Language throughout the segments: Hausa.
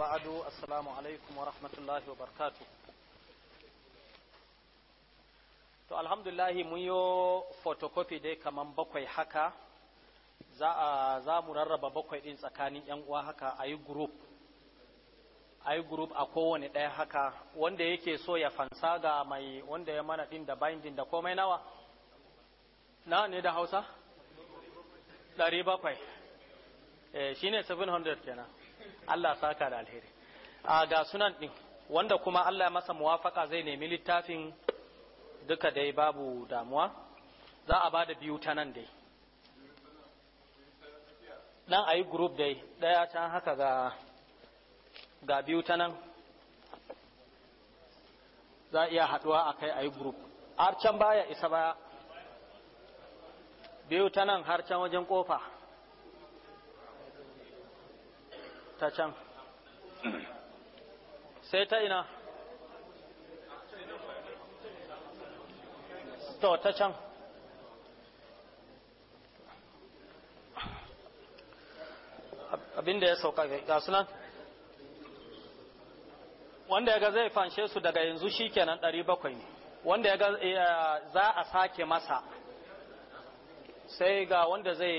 وبعد السلام عليكم ورحمة الله وبركاته to alhamdulillahi mun yi photocopy dai kaman bakwai haka za a za mu rarraba bakwai din tsakanin yan uwa haka a yi group a yi group a kowane ɗaya haka wanda yake so ya fansa ga mai wanda ya mana din da binding da komai nawa na ne da hausa 700 eh shine 700 kenan Allah saka da alheri a ga sunan din wanda kuma Allah ya masa muwafaka zai nemi littafin duka dai babu damuwa za a bada biyu ta nan dai nan ayi group dai daya can haka ga ga biyu ta nan za a iya haduwa a kai group har can baya isa ba biyu ta nan har can wajen kofa ta can sai ta ina to ta can abinda ya sauka ga sunan wanda ya ga zai fanshe su daga yanzu shikenan 700 ne wanda ya ga eh, za a sake masa sai ga wanda zai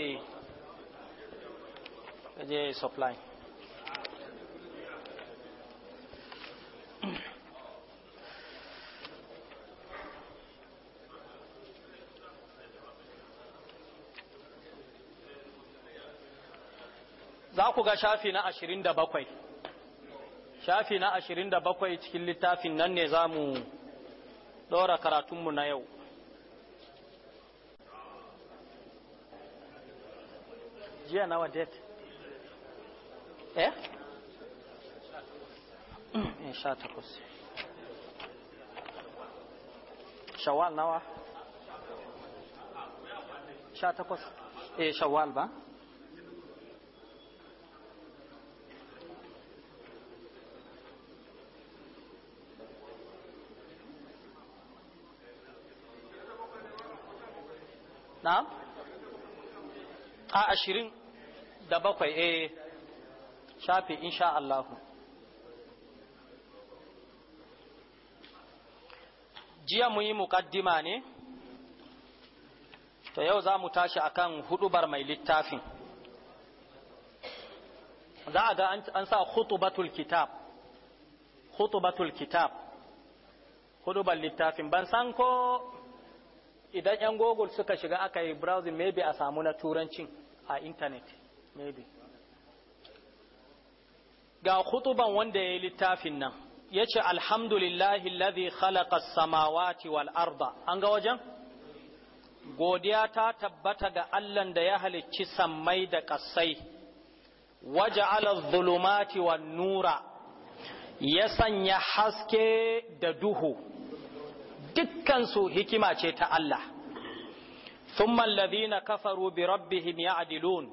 je supply za ku ga shafi na ashirin da bakwai shafi na ashirin da bakwai cikin littafin nan ne za mu ɗora karatunmu na yau jiya nawa date eh, eh sha takwas shawal nawa sha takwas eh shawal ba na a ashirin da bakwai eh shafi insha Allahu jiya muyi yi muƙaddima ne to yau za mu tashi akan hudubar mai littafin za a ga an sa khutubatul kitab khutubatul kitab hudubar littafin ban san ko idan yan google suka shiga aka yi browsing maybe a samu na turancin a internet maybe ga khutuban wanda ya yi littafin nan ya ce alhamdulillahi lazi khalaka samawati wal arda an ga wajen godiya ta tabbata ga allan da ya halicci sammai da ƙasai waje zulumati wal nura ya sanya haske da duhu dukkansu hikima ce ta Allah thumma alladhina kafaru bi rabbihim ya'dilun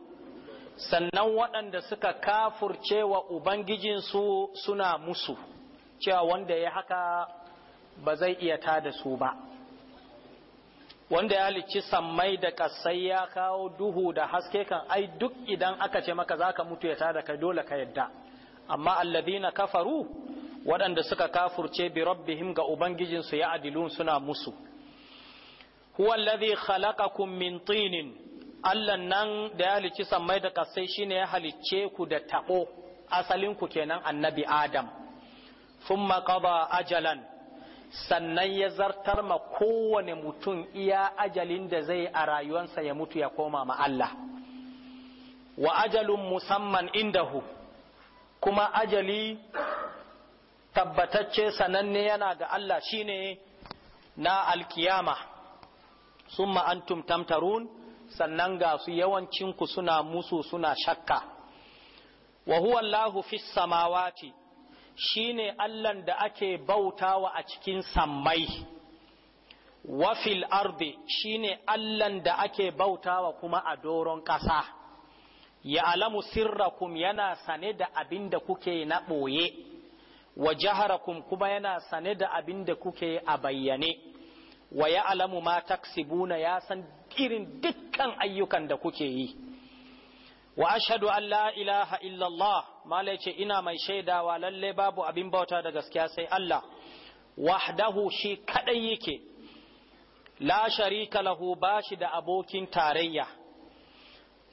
sannan waɗanda suka kafurce wa ubangijinsu suna musu cewa wanda ya haka ba zai iya tada su ba wanda ya halicci sammai da kasai ya kawo duhu da haske kan ai duk idan aka ce maka zaka mutu ya tada kai dole ka yadda amma alladhina kafaru waɗanda suka kafurce bi rabbihim ga ubangijinsu ya adilun suna musu huwa alladhi khalaqakum min tinin Allah nan da ya halicci sammai da kasai shine ya halicce ku da tabo asalin ku kenan annabi Adam thumma qada ajalan sannan ya zartar ma kowane mutum iya ajalin da zai a rayuwarsa ya mutu ya koma ma Allah wa ajalun musamman indahu kuma ajali tabbatacce sananne yana ga Allah shine na alkiyama summa antum tamtarun sannan ga su yawancinku suna musu suna shakka wa huwa Allahu fis samawati shine Allahn da ake bautawa a cikin sammai wa fil ardi shine Allahn da ake bautawa kuma a doron ƙasa ya alamu sirrakum yana sane da abin da kuke na ɓoye wa jaharakum kuma yana sane da abin da kuke a bayyane wa ya alamu ma taksibuna ya san irin dukkan ayyukan da kuke yi wa Allah an la ilaha illallah mala ce ina mai shaidawa lalle babu abin bauta da gaskiya sai Allah wahdahu shi kadai yake la sharika lahu bashi da abokin tarayya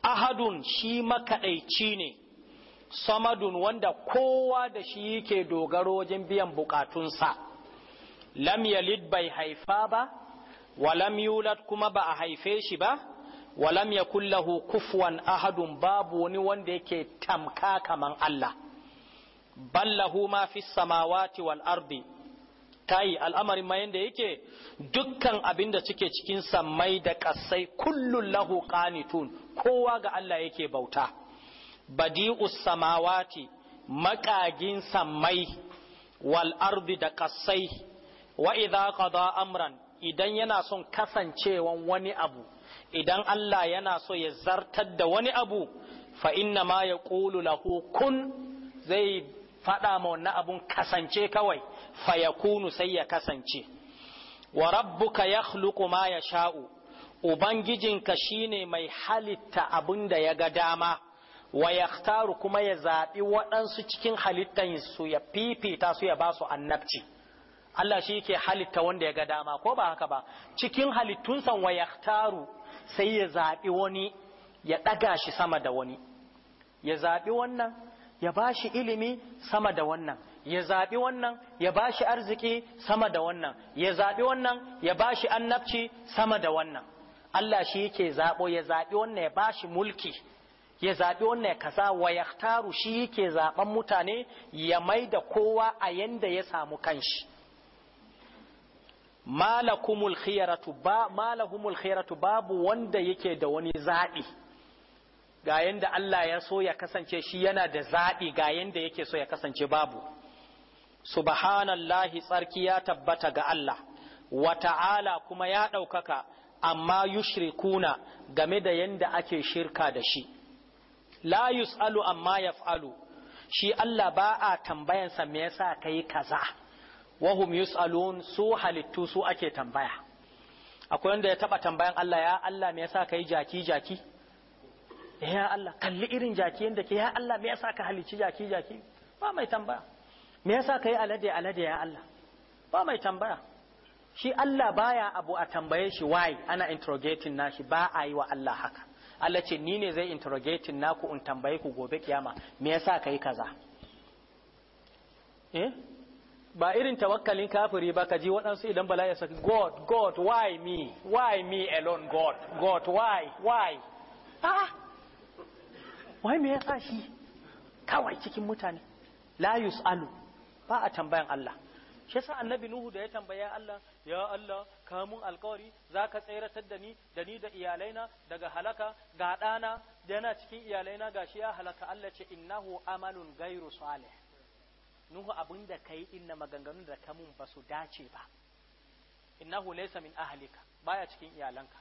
ahadun shi makaɗaici ne samadun wanda kowa da shi yake dogaro wajen biyan bukatunsa lam yalid bai haifa ba wa lam yulad kuma ba a haife shi ba wa lam yakul lahu kufuwan ahadun babu wani wanda yake tamka kaman Allah ballahu ma fi samawati wal ardi kai al'amarin ma yanda yake dukkan abin da cike cikin sammai da kasai kullun lahu qanitun kowa ga Allah yake bauta badi'us samawati makagin sammai wal ardi da kasai wa idza qada amran idan yana son kasancewan wani abu idan Allah yana so ya zartar da wani abu fa inna ma yaqulu lahu kun zai fada ma wannan abun kasance kawai fa yakunu sai ya kasance wa rabbuka yakhluqu ma yasha'u ubangijinka shine mai halitta abin da ya ga dama wa yaktaru kuma ya zaɓi waɗansu cikin halittan su ya fifita su ya ba su annabci Allah shi yake halitta wanda ya ga dama ko ba haka ba cikin halittunsa wa yaktaru sai ya zaɓi wani ya ɗaga shi sama da wani ya zaɓi wannan ya ba shi ilimi sama da wannan ya zaɓi wannan ya ba shi arziki sama da wannan ya zaɓi wannan ya ba shi annabci sama da wannan Allah shi yake zaɓo ya zaɓi wannan ya ba shi mulki ya zaɓi wannan ya kasa wa taru shi yake zaɓen mutane ya mai da kowa a yanda ya samu kanshi malakumul khiyaratu babu wanda yake da wani zaɓi ga yanda Allah ya so ya kasance shi yana da zaɓi ga yanda yake so ya kasance babu subhanallahi tsarki ya tabbata ga Allah wa ta'ala kuma ya ɗaukaka amma yushrikuna game da yanda ake shirka da shi la yus'alu amma yaf'alu shi Allah ba a tambayansa me yasa kai kaza wahum yus'alun su halittu su ake tambaya akwai wanda ya taba tambayan Allah ya Allah me yasa kai jaki jaki eh, ya Allah kalli irin jaki yanda ke ya Allah me yasa ka halicci jaki jaki ba mai tambaya me yasa kai alade alade ya Allah ba mai tambaya shi Allah baya abu a tambaye shi why ana interrogating nashi ba a yi wa Allah haka Allah ce ni ne zai interrogating naku in tambaye ku gobe kiyama me yasa kai kaza eh ba irin tawakkalin kafiri ba ka ji waɗansu idan bala ya saki god god why me why me alone god god why why ah wai me yasa shi kawai cikin mutane la yus'alu ba a tambayan Allah shi yasa annabi nuhu da ya tambaya Allah ya Allah kamun alkawari za ka tseratar da ni da ni da iyalaina daga halaka ga ɗana yana cikin iyalaina ga shi ya halaka Allah ce innahu amalun gairu salih nuhu abin da kai inna maganganun da kamun ba su dace ba innahu laysa min ahlika baya cikin iyalanka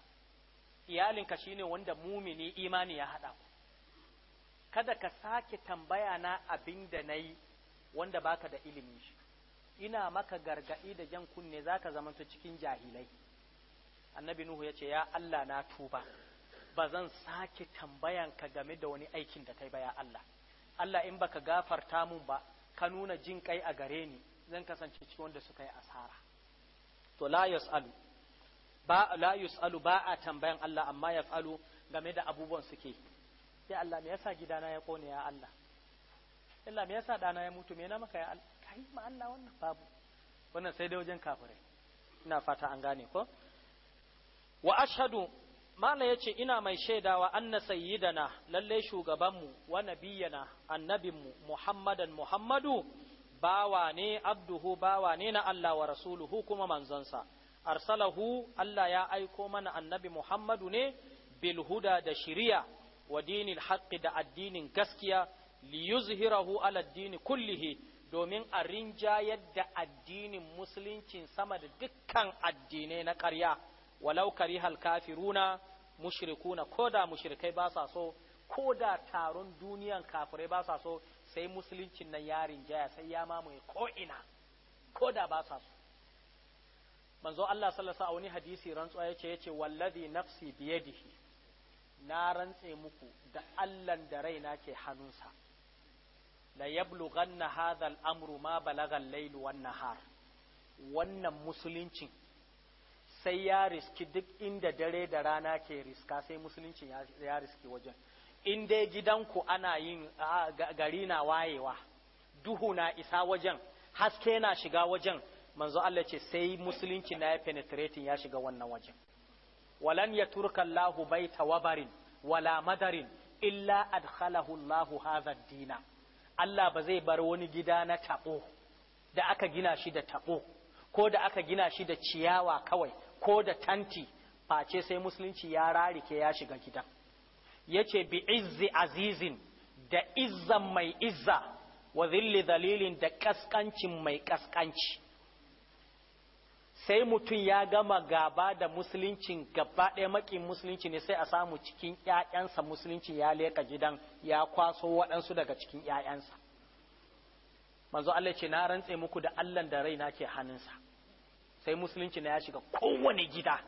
iyalinka shine wanda mumini imani ya hada ku kada ka sake tambaya na abin da nayi wanda baka da ilimin shi ina maka gargaɗi da jan kunne za ka zamanta cikin jahilai annabi nuhu ya ce ya allah na tuba ba zan sake tambayanka game da wani aikin da kai ba ya allah allah in baka gafarta mun ba ka nuna jin kai a gare ni zan kasance cikin wanda suka yi asara to la yas'alu ba la yasalu ba a tambayan allah amma yaf'alu game da abubuwan suke ya allah me yasa gidana ya kone ya allah Allah me yasa dana ya mutu me na maka ya Allah a wannan babu wannan sai dai wajen kafirai ina fata an gane ko wa ashhadu mala yace ina mai shaidawa anna sayyidana lalle shugabanmu wa nabiyana annabinmu muhammadan muhammadu bawa ne abduhu bawa ne na Allah wa rasuluhu kuma manzonsa arsalahu Allah ya aiko mana annabi muhammadu ne bil huda da shiriya wa dinil haqqi da addinin gaskiya liyuzhirahu ala aladdini kullihi domin a rinjayar da addinin musulunci sama da dukkan addinai na ƙarya walau hal kafiruna mushrikuna da mushrikai ba sa so ko da taron duniyan kafirai ba sa so sai musuluncin nan ya rinjaya sai ya mamaye ko ina ba sa so manzo Allah sallallahu alaihi wani hadisi rantsuwa yace yace wallazi nafsi biyadihi na rantse muku da Allah da raina ke hannunsa la yablughanna hadha al-amru ma balagan al-layl wan nahar wannan musuluncin sai ya riski duk inda dare da rana ke riska sai musuluncin ya riski wajen in dai gidanku ana yin gari na wayewa duhu na isa wajen haske na shiga wajen manzo Allah ce sai musulunci na ya penetrating ya shiga wannan wajen walan ya turka Allahu baita wabarin wala madarin illa adkhalahu Allahu hadha dina Allah ba zai bar wani gida na taɓo da aka gina shi da taɓo ko da aka gina shi da ciyawa kawai ko da tanti face sai musulunci ya rarike ya shiga gidan yace bi izzi azizin da izzan mai izza wa zilli dalilin da kaskancin mai kaskanci sai mutum ya gama gaba da musuluncin gaba ɗaya makin musulunci ne sai a samu cikin ‘ya'yansa musulunci ya leka gidan ya kwaso waɗansu daga cikin ‘ya'yansa manzo Allah ce na rantse muku da Allahn da raina ke hannunsa sai musulunci na ya shiga kowane gida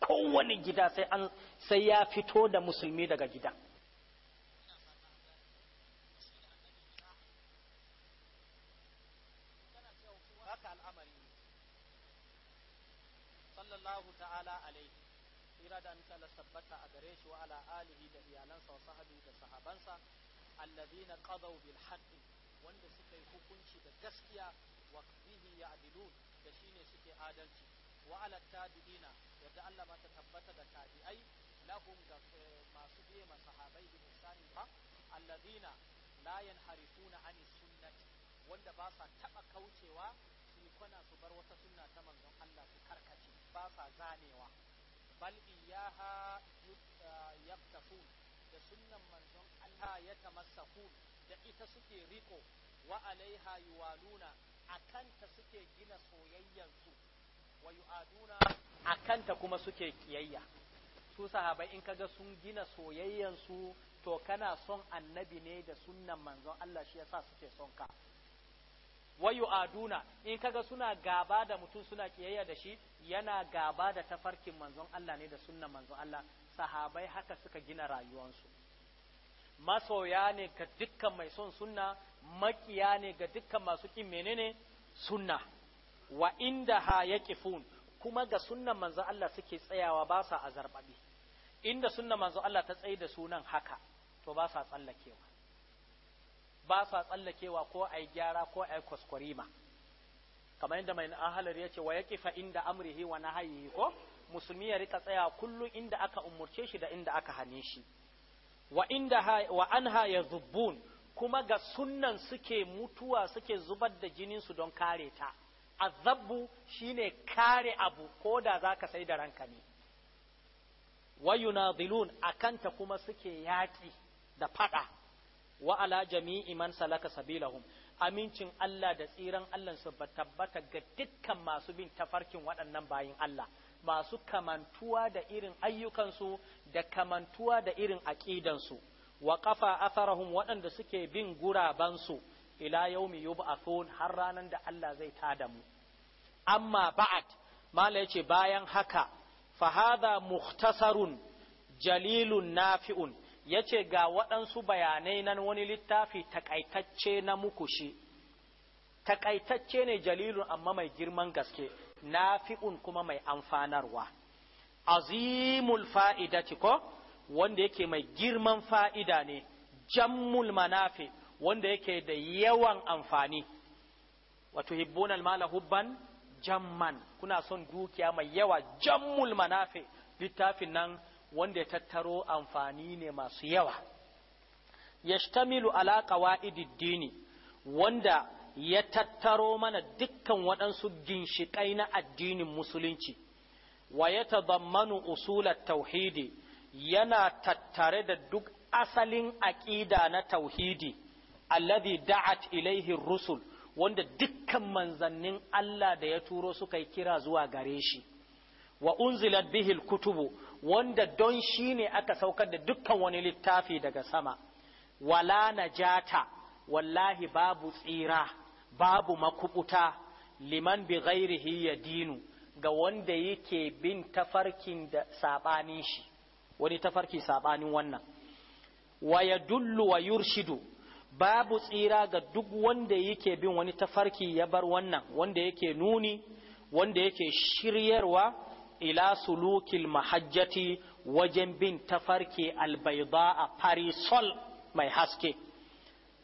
kowane gida sai ya fito da musulmi daga gidan sallallahu ta'ala alaihi tsira da amince Allah tabbata a gare shi wa ala alihi da iyalansa wa sahabi da sahabansa alladhina qadaw bil wanda suka yi hukunci da gaskiya wa bihi ya'dilun da shine suke adalci wa ala tabi'ina yadda Allah ta tabbata da tabi'ai lahu ga eh, masu biye ma sahabai bi ihsani ba alladhina la yanharifuna ani sunnati wanda ba sa taɓa kaucewa kuna su bar wata sunna ta manzon Allah su karkace ba sa zanewa bal iyaha yaftafun ah, da sunnan manzon Allah ya tamassakun da ita suke riko wa alaiha yuwaluna akanta suke gina soyayyansu wa yu'aduna akanta kuma suke kiyayya su sahabai in kaga sun gina su to kana son annabi ne da sunnan manzon Allah shi yasa suke son ka wayu aduna in kaga suna gaba da mutum suna kiyayya da shi yana gaba da tafarkin manzon Allah ne da sunnan manzon Allah sahabai haka suka gina rayuwansu masoya ne ga dukkan mai son sunna makiya ne ga dukkan masu kin menene sunna wa inda ha yaqifun kuma ga sunnan manzon Allah suke tsayawa ba sa azarbabi inda sunnan manzon Allah ta tsaye da sunan haka to ba sa tsallakewa ba sa tsallakewa ko a gyara ko a yi kwaskwarima kamar yadda mai ahalar ya ce wa ya kifa inda amrihi wa nahayihi ko musulmi ya rika tsaya kullum inda aka umurce shi da inda aka hane shi wa inda wa anha ya zubbun kuma ga sunnan suke mutuwa suke zubar da jinin su don kare ta azabbu shine kare abu ko da zaka sai da ranka ne wa yunadilun akanta kuma suke yaki da fada wa ala jami'i man salaka sabilahum amincin Allah da tsiran Allah su tabbata ga dukkan masu bin tafarkin waɗannan bayin Allah masu kamantuwa da irin ayyukansu da kamantuwa da irin aƙidansu wa kafa atharahum waɗanda suke bin gurabansu ila yaumi yub'athun har ranan da Allah zai tada mu amma ba'at mala yace bayan haka fa hadha mukhtasarun jalilun nafi'un ya ce ga waɗansu bayanai nan wani littafi takaitacce na muku shi takaitacce ne jalilun amma mai girman gaske na nafi'un kuma mai amfanarwa azimul fa'ida ko wanda yake mai girman fa'ida ne jammul manafi wanda yake da yawan amfani wato hibbun almala hubban jamman kuna son dukiya mai yawa jammul manafi littafin nan wanda ya tattaro amfani ne masu yawa yashtamilu ala qawaidid dini wanda ya tattaro mana dukkan waɗansu ginshiƙai na addinin musulunci wa ya tadammanu usulat tauhidi yana tattare da duk asalin aƙida na tauhidi alladhi da'at ilaihi rusul wanda dukkan manzannin Allah da ya turo suka yi kira zuwa gare shi wa unzilat bihil kutubu wanda don shi ne aka saukar da dukkan wani littafi daga sama wala na najata wallahi babu tsira babu makubuta liman bi ghairihi ya dinu ga wanda yake bin tafarkin da sabanin shi wani tafarki sabanin wannan wa yadullu wa yurshidu babu tsira ga duk wanda yake bin wani tafarki ya bar wannan wanda yake nuni wanda yake shiryarwa ila sulukil mahajjati wajen bin tafarki albaida a Sol mai haske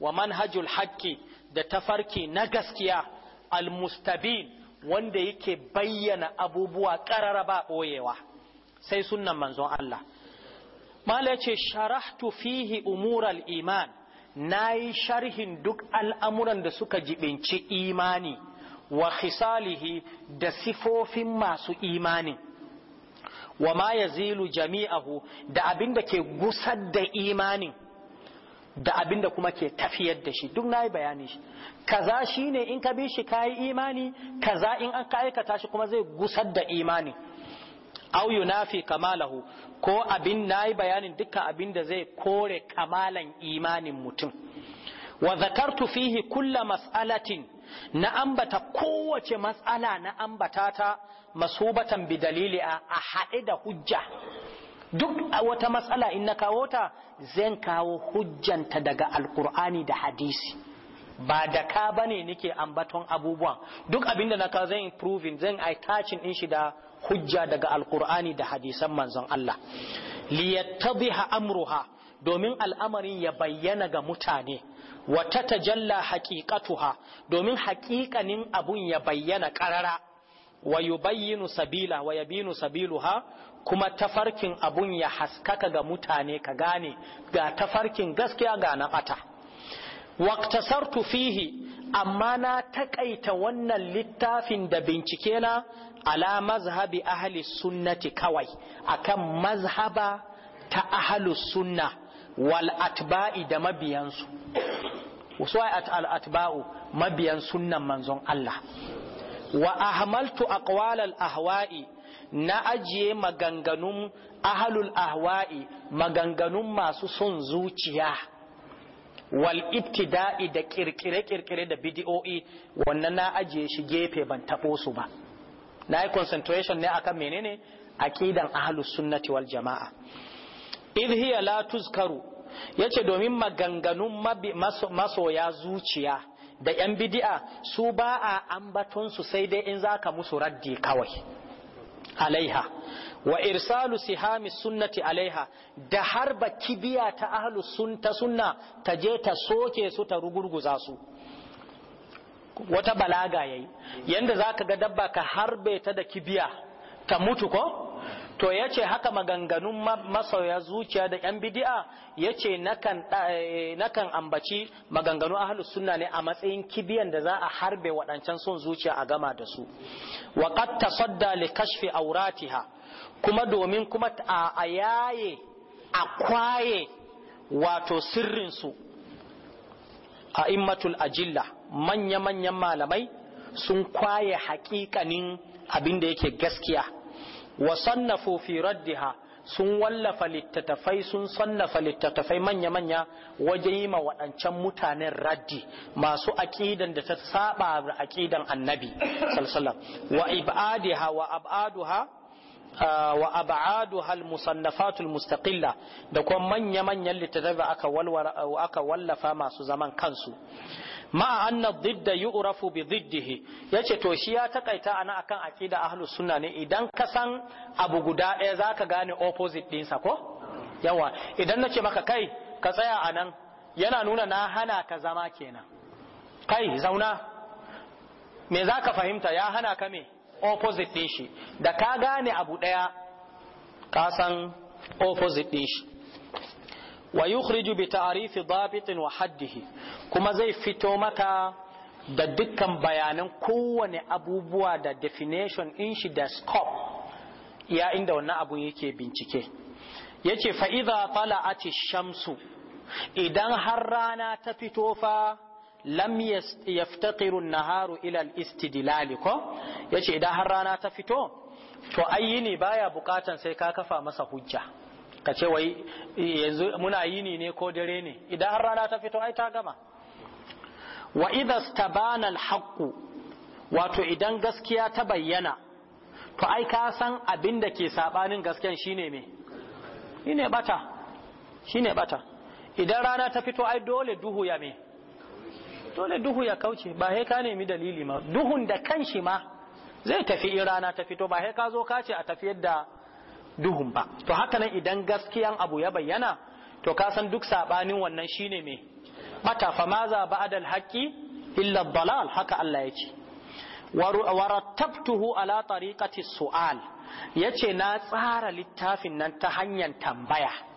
wa manhajul haƙƙi da tafarki na gaskiya almustabin wanda yake bayyana abubuwa ƙarara ba ɓoyewa sai sunan manzon Allah malace sharahtu fihi umural iman na yi sharhin duk al'amuran da suka jibinci imani wa khisalihi da sifofin masu imanin wa ma yazilu jami'ahu da da ke gusar da imanin da da kuma ke tafiyar da shi duk yi bayanin shi kaza shine in ka bi shi kayi imani kaza in an ka aikata shi kuma zai gusar da imani au yunafi kamalahu ko abin yi bayanin dukkan abin da zai kore kamalan imanin mutum wa zakartu fihi kulla mas'alatin na ambata kowace matsala na ambata ta masubatan bi dalili a haɗe da hujja duk wata matsala in na kawo ta zan kawo hujjanta daga alkur'ani da hadisi ba da ka bane nake ambaton abubuwan duk abinda na kawo zan proving zan attaching din shi da hujja daga alkur'ani da hadisan manzon Allah liyattadhiha amruha domin al'amarin ya bayyana ga mutane Wata ta tajalla haƙiƙatuha domin haƙiƙanin abun ya bayyana ƙarara wa yubayyinu sabila wa yabinu sabiluha kuma tafarkin abun ya haskaka ga mutane ka gane ga tafarkin gaskiya ga na ɓata waqtasartu fihi amma na takaita wannan littafin da bincike na ala mazhabi ahli sunnati kawai akan mazhaba ta ahli sunna wal atba'i da mabiyansu wasu al atba'u mabiyan sunnan manzon Allah wa ahmaltu aqwalal ahwa'i na ajiye maganganun ahlul ahwa'i maganganun masu son zuciya wal ibtida'i da kirkire-kirkire da bidi'o'i wannan na ajiye shi gefe ban taɓo su ba na yi concentration ne akan menene aqidan ahlus sunnati wal jama'a idhiya la tuzkaru yace domin maganganun masoya zuciya da yan bidi'a su ba a ambaton sai dai in zaka musu raddi kawai alaiha wa irsalu sihami sunnati alaiha da harba kibiya ta ahlu sunta sunna ta je ta soke su ta rugurguza su wata balaga yayi yanda zaka ga dabba ka harbe ta da kibiya ta mutu ko to ya ce haka maganganun masoya zuciya da yan bidi'a ya ce nakan eh, ambaci maganganun ahalus sunna ne a matsayin kibiyan da za a harbe waɗancan son zuciya a gama da su wa qad tasadda li kashfi auratiha kuma domin kuma a yaye a kwaye wato sirrinsu a immatul ajilla manya-manyan malamai sun kwaye hakikanin abin da yake gaskiya wa raddiha sun wallafa littattafai sun sannafa littattafai manya-manya wajen yi ma waɗancan mutanen raddi masu aƙidan da ta saba aƙidan annabi sallallahu wa ibadiha wa abaduha wa ab'adu hal musannafatul mustaqilla da kuma manya manyan littattafai aka aka wallafa masu zaman kansu ma anna didda yu'rafu bi diddihi yace to shi ya takaita ana akan aqida ahlus sunna ne idan ka san abu guda ɗaya zaka gane opposite ɗinsa ko yawa idan nace maka kai ka tsaya anan yana nuna na hana ka zama kenan kai zauna me zaka fahimta ya hana ka me opposite ɗin shi da ka gane abu daya ka san opposite din shi wa yukhriju bi ta'rifi dhabitin wa haddihi kuma zai fito maka da dukkan bayanan kowane abubuwa da definition in shi da scope ya inda wannan abun yake bincike yace fa idza tala'ati shamsu idan har rana ta fito fa lam yaftaqiru naharu ila al-istidlal ko yace idan har rana ta fito to ayyini baya bukatan sai ka kafa masa hujja ka ce wai eh, yanzu muna yini ne ko dare ne idan har rana ta fito ai ta gama wa idha stabana al haqq wato idan gaskiya ta bayyana to ai ka san abin da ke sabanin gaskiyan shine me shine bata shine bata idan rana ta fito ai dole duhu ya me dole duhu ya kauce ba he ka nemi dalili ma duhun da kanshi ma zai tafi in rana ta fito ba he ka zo ka ce a tafiyar da duhun ba to haka nan idan gaskiyan abu ya bayyana to ka san duk sabanin wannan shine me bata fa maza ba'dal haqqi illa dalal haka Allah ya ce warattabtuhu ala tariqati su'al yace na tsara littafin nan ta hanyar tambaya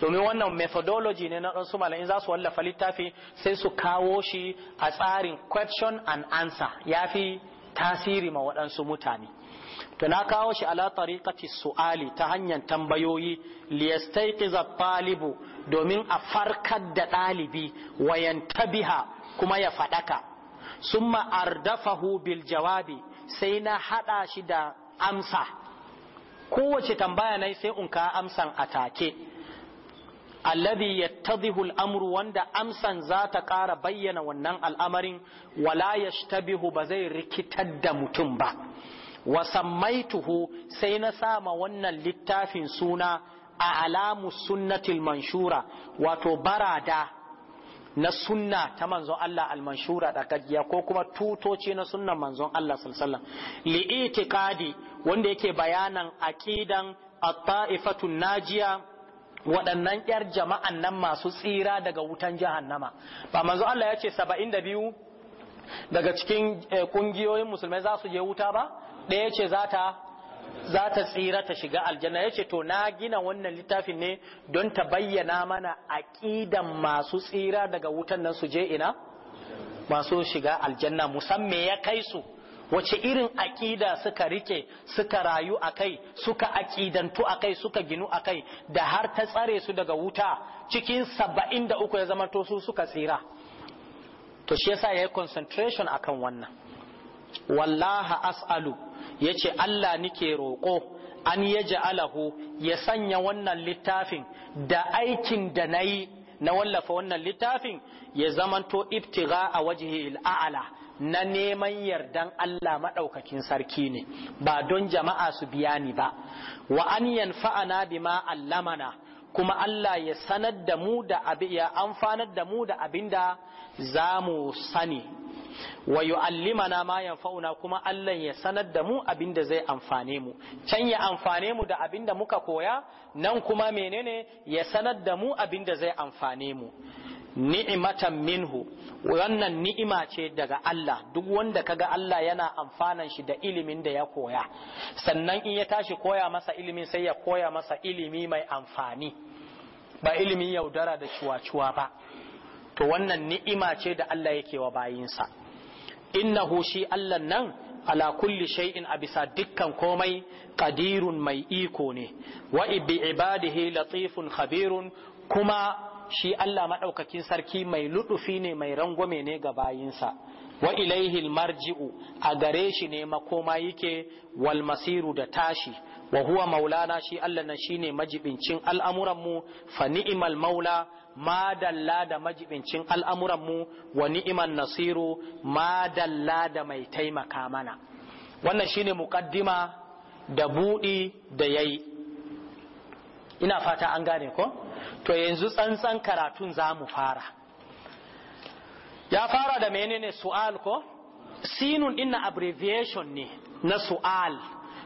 domin wannan methodology ne na ɗansu malamin za su wallafa littafi sai su kawo shi a tsarin question and answer ya fi tasiri ma waɗansu mutane to na kawo shi ala tariqati su'ali ta hanyar tambayoyi za talibu domin a farkar da ɗalibi wayan tabiha kuma ya faɗaka sun dafa bil jawabi sai na haɗa shi da amsa kowace tambaya na sai unka amsan a take alladhi yattadhihu al'amru wanda amsan za ta ƙara bayyana wannan al'amarin wala yashtabihu ba zai rikitar da mutum ba wa sammaituhu sai na sama wannan littafin suna a alamu sunnatil manshura wato barada na sunna ta manzon Allah al-manshura da gajiya ko kuma tutoci na sunnan manzon Allah sallallahu alaihi wasallam wanda yake bayanan aqidan at na najiya waɗannan ƴar jama'an nan masu tsira daga wutan jahannama ba manzo Allah ya ce biyu daga cikin eh, ƙungiyoyin musulmai za su je wuta ba ɗaya ce za ta tsira ta shiga aljanna ya ce to na gina wannan littafin ne don ta bayyana mana aƙidan masu tsira daga wutan nan su je ina masu shiga aljanna musamman ya kai su wace irin aƙida suka rike suka rayu a kai suka aƙidantu a kai suka ginu a kai da har ta tsare su daga wuta cikin saba'in da uku ya zama su suka tsira to shi yasa ya yi concentration akan wannan wallaha as'alu ya ce allah nike roƙo an ya ja'alahu ya sanya wannan littafin da aikin da na yi na wallafa wannan littafin ya zamanto ibtiga a wajihi al'ala na neman yardan Allah maɗaukakin sarki ne ba don jama'a su biya ni ba wa an yanfa'ana bima allamana kuma Allah ya sanar da mu da abi ya amfanar da mu da abinda za sani wa yu'allimana ma yanfa'una kuma Allah ya sanar da mu abinda zai amfane mu can ya amfane mu da abinda muka koya nan kuma menene ya sanar da mu abinda zai amfane mu ni'imatan minhu wannan ni'ima ce daga Allah duk wanda kaga Allah yana amfanan shi da ilimin da ya koya sannan in ya tashi koya masa ilimin sai ya koya masa ilimi mai amfani ba ilimin yaudara da cuwa-cuwa ba to wannan ni'ima ce da Allah yake wa bayinsa innahu shi Allah nan ala kulli shay'in a bisa dukkan komai kadirun mai iko ne wa bi ibadihi latifun khabirun kuma shi Allah maɗaukakin sarki mai luɗufi ne mai rangwame ne ga bayinsa wa ilaihi marji'u a gare shi ne makoma yake wal masiru da tashi wa huwa maulana shi Allah nan shine majibincin al'amuranmu fa ni'mal maula ma dalla da majibincin al'amuranmu wa ni'imal nasiru ma dalla da mai taimaka mana wannan shine muƙaddima da buɗi da yayi ina fata an gane ko to yanzu tsantsan karatun za mu fara ya fara da menene su'al ko sinun dinna abbreviation ne na su'al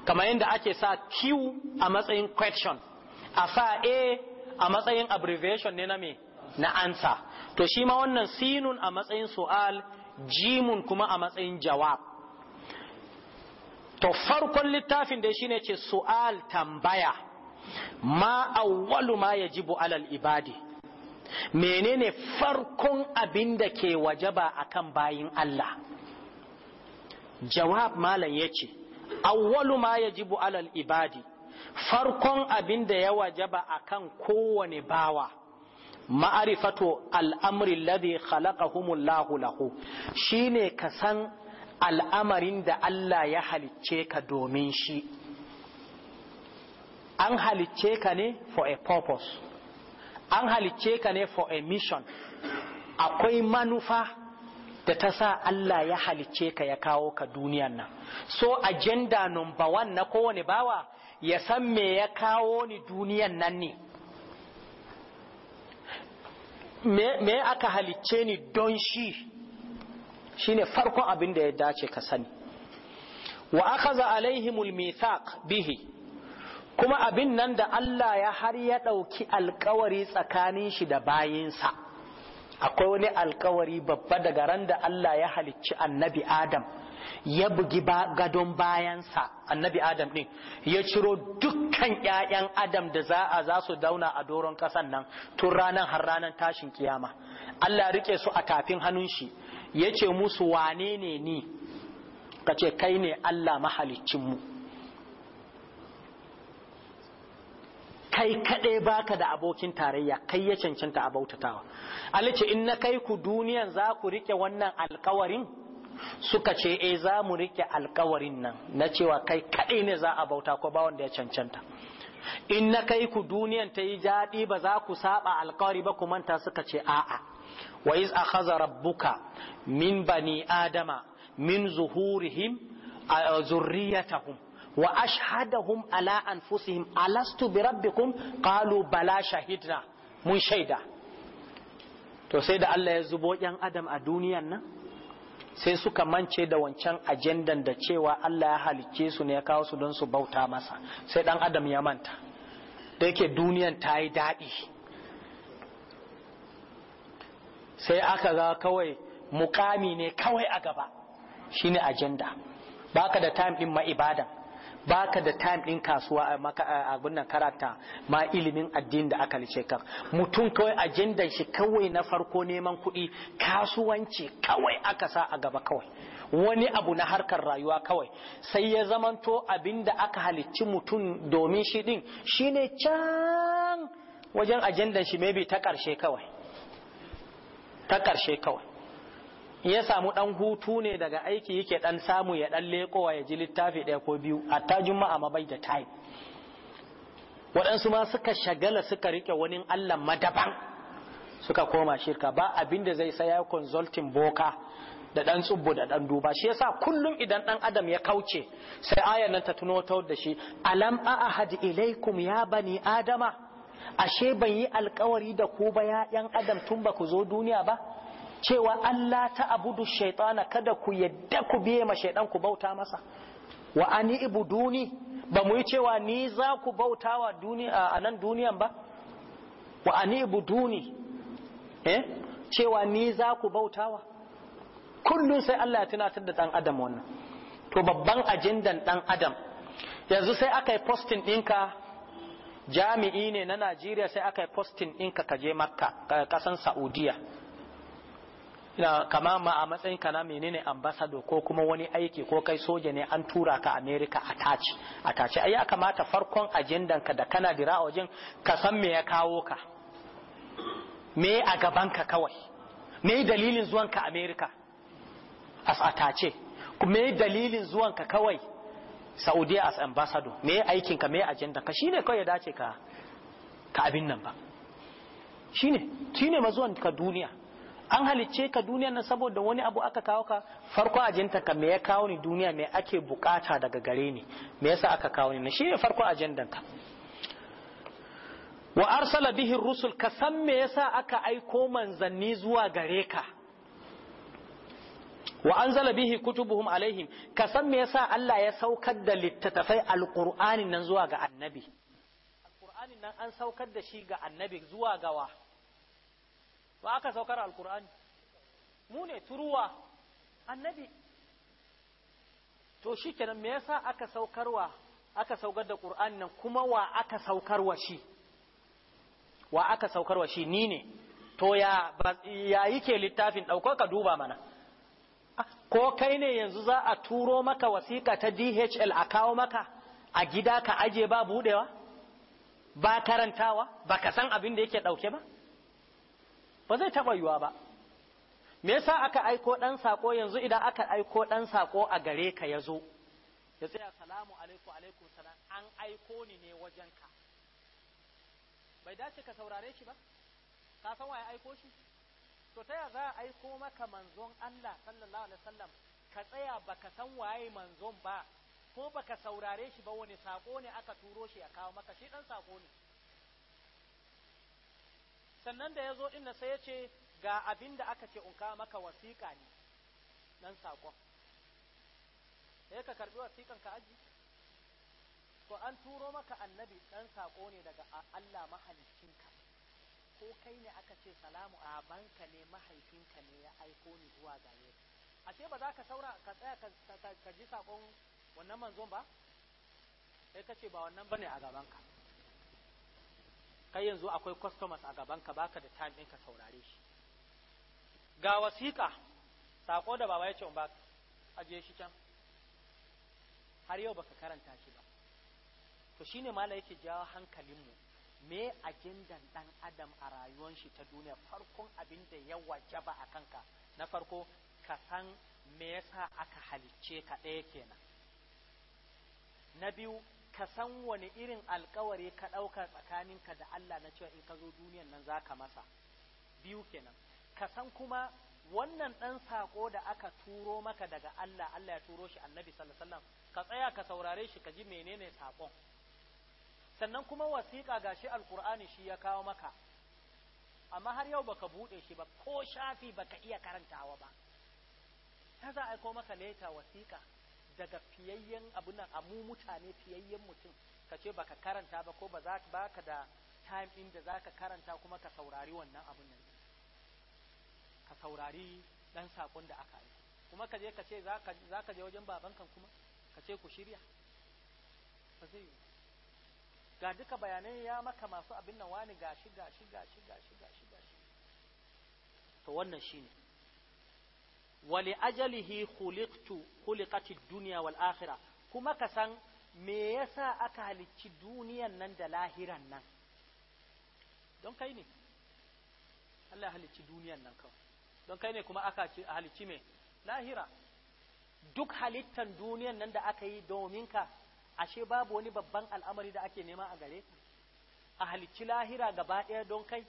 kamar yadda ake sa q a matsayin question a sa a a matsayin abbreviation ne na me na ansa to shi ma wannan sinun a matsayin su'al jimun kuma a matsayin jawab to farkon littafin da shine ce su'al tambaya ma awwalu ma yajibu alal ibadi menene farkon abin da ke wajaba akan bayin Allah jawab malam yace awwalu ma yajibu alal ibadi farkon abin da ya wajaba akan kowane bawa ma'arifatu al'amri khalaqahumu Allahu lahu shine ka san al'amarin da Allah ya halicce ka domin shi an halicce ka ne for a purpose an halicce ka ne for a mission akwai manufa da ta sa Allah ya halicce ka ya kawo ka duniyan nan so agenda number one na kowane bawa ya san me ya kawo ni duniyan nan ne me, aka halicce ni don shi shine farkon abin da ya dace ka sani wa akhadha alaihimul mithaq bihi kuma abin nan da Allah ya har ya ɗauki alkawari tsakanin shi da bayinsa akwai wani alkawari babba daga ran da Allah ya halicci annabi Adam ya bugi gadon bayansa annabi Adam ɗin ya ciro dukkan ‘ya'yan Adam da za a za su dauna a doron ƙasan nan tun ranar har ranar tashin kiyama Allah rike su a tafin hannun shi yace musu wane ne ni ka ce kai ne Allah mahalicinmu mu kai kaɗai baka da abokin tarayya kai ya cancanta a bautatawa alice in na kai ku duniyan za ku rike wannan alkawarin suka ce e za mu rike alkawarin nan na cewa kai kaɗai ne za a bauta ko ba wanda ya cancanta in na kai ku duniyan ta yi jaɗi ba za ku saba alkawari ba ku manta suka ce a'a wa iz akhadha rabbuka min bani adama min zuhurihim zurriyatahum wa ashhadahum ala anfusihim alastu bi rabbikum qalu bala shahidna mun shaida to sai da Allah ya zubo yan adam a duniyan nan sai suka mance da wancan ajendan da cewa Allah ya halicce su ne ya kawo su don su bauta masa sai dan adam ya manta da yake duniyan ta yi daɗi sai aka ga kawai mukami ne kawai a gaba shine ajenda baka da time din ma ibada baka da time din kasuwa a abin nan karanta ma ilimin addini da aka lice ka mutum kawai ajandan shi kawai na farko neman kuɗi kasuwanci kawai aka sa a gaba kawai wani abu na harkar rayuwa kawai sai ya zamanto abin da aka halicci mutum domin shi din shine can wajen ajandan shi maybe ta ƙarshe kawai ta ƙarshe kawai ya samu dan hutu ne daga aiki yake dan samu ya dan lekowa ya ji littafi ɗaya ko biyu hatta juma'a ma bai da time waɗansu ma suka shagala suka rike wani allah madaban suka koma shirka ba abin da zai saya consulting boka da dan tsubbu da dan duba shi yasa kullum idan dan adam ya kauce sai ayar nan ta tuno ta da shi alam ahad ilaikum ya bani adama ashe ban yi alkawari da ku ba ya yan adam tun ba ku zo duniya ba cewa Allah ta abudu shaitana kada ku yadda ku biye ma shaitan ku bauta masa wa ani ibuduni ba mu yi cewa ni za ku bauta wa a nan duniyan ba wa ani ibuduni eh cewa ni za ku bauta wa kullum sai Allah ya tunatar da dan adam wannan to babban ajendan dan adam yanzu sai aka yi postin ɗinka jami'i ne na Najeriya sai aka yi postin ɗinka ka je makka kasan Saudiya kama ma a matsayin kana menene ambasado ko kuma wani aiki ko kai soja ne an tura ka America a tace a tace ai ya kamata farkon ajendan ka da kana dira a wajen ka san me ya kawo ka me a gaban ka kawai me dalilin zuwan ka America as a tace me dalilin zuwan ka kawai saudi as ambassador me aikin ka me ajenda ka shine kawai ya dace ka ka abin nan ba shine shine mazuwan ka duniya an halicce ka duniya nan saboda wani abu aka kawo ka farko ajenta ka me ya kawo ni duniya me ake bukata daga gare ni me yasa aka kawo ni shi ne farko ajendan ka wa arsala bihi rusul ka san me yasa aka aiko manzanni zuwa gare ka wa anzala bihi kutubuhum alaihim ka san me yasa Allah ya saukar da littattafai alqur'anin nan zuwa ga annabi alqur'anin nan an saukar da shi ga annabi zuwa ga wa wa aka saukar alkur'ani mu ne turuwa annabi to shi kenan me yasa aka saukarwa aka saukar da qur'ani nan kuma wa aka saukarwa shi wa aka saukarwa shi ni ne to ya ya yake littafin dauko ka duba mana ko kai ne yanzu za a turo maka wasiƙa ta DHL a kawo maka a gida ka aje ba budewa ba karantawa ba ka san abin da yake dauke ba ba zai taba yiwa ba me yasa aka aiko ɗan sako yanzu idan aka aiko ɗan sako a gare ka ya zo ya tsaya salamu alaikum alaikum salam an aiko ni ne wajen ka bai dace ka saurare shi ba ka san waye aiko shi to ta za a aiko maka manzon Allah sallallahu alaihi wasallam ka tsaya baka san waye manzon ba ko baka saurare shi ba wani sako ne aka turo shi ya kawo maka shi dan sako ne sannan da ya zo ɗin sai ya ce ga abin da aka ce in kawo maka wasiƙa ne nan saƙon sai ka karɓi wasiƙan ka aji to an turo maka annabi ɗan saƙo ne daga Allah ka ko kai ne aka ce salamu a banka ne mahaifinka ne ya aiko ni zuwa gare ka ashe ba za ka saura ka tsaya ka ji saƙon wannan manzon ba sai ka ce ba wannan bane a gaban ka. kai yanzu akwai customers a gaban gabanka baka da time ɗinka ka saurare shi ga wasiƙa sako da baba ya ce ba aje shi can har yau baka karanta shi ba to shine mala yake jawo hankalinmu me agendan dan adam a rayuwar shi ta duniya farkon abin da ya wajaba a kanka na farko ka san me yasa aka halicce ka ɗaya kenan na biyu ka san wani irin alkawari ka ɗauka tsakaninka da Allah na cewa in ka zo duniyan nan za ka masa biyu kenan ka san kuma wannan ɗan saƙo da aka turo maka daga Allah Allah ya turo shi annabi sallallahu alaihi ka tsaya ka saurare shi ka ji menene saƙon sannan kuma wasiƙa gashi alkur'ani shi ya kawo maka amma har yau baka buɗe shi ba ko shafi baka iya karantawa ba ta za a aiko maka leta wasiƙa daga fiyayyen abu nan amu mutane fiyayyen mutum ka ce baka karanta ba ko ba za baka da time din da zaka karanta kuma ka saurari wannan abin nan ka saurari dan sakon da aka yi kuma ka je ka ce za ka je wajen babankan kuma ka ce ku shirya ba zai ga duka bayanai ya maka masu abin nan wani gashi gashi gashi gashi gashi gashi to wannan shine wali ajalihi khuliqtu khuliqati dunya kuma ka san me yasa aka halicci duniyan nan da lahiran nan don kai ne Allah ya halicci nan don kai ne kuma halicci me duk halittan duniyan nan da aka yi domin ka ashe babu wani babban al'amari da ake nema a gare ka a halicci lahira gaba ɗaya don kai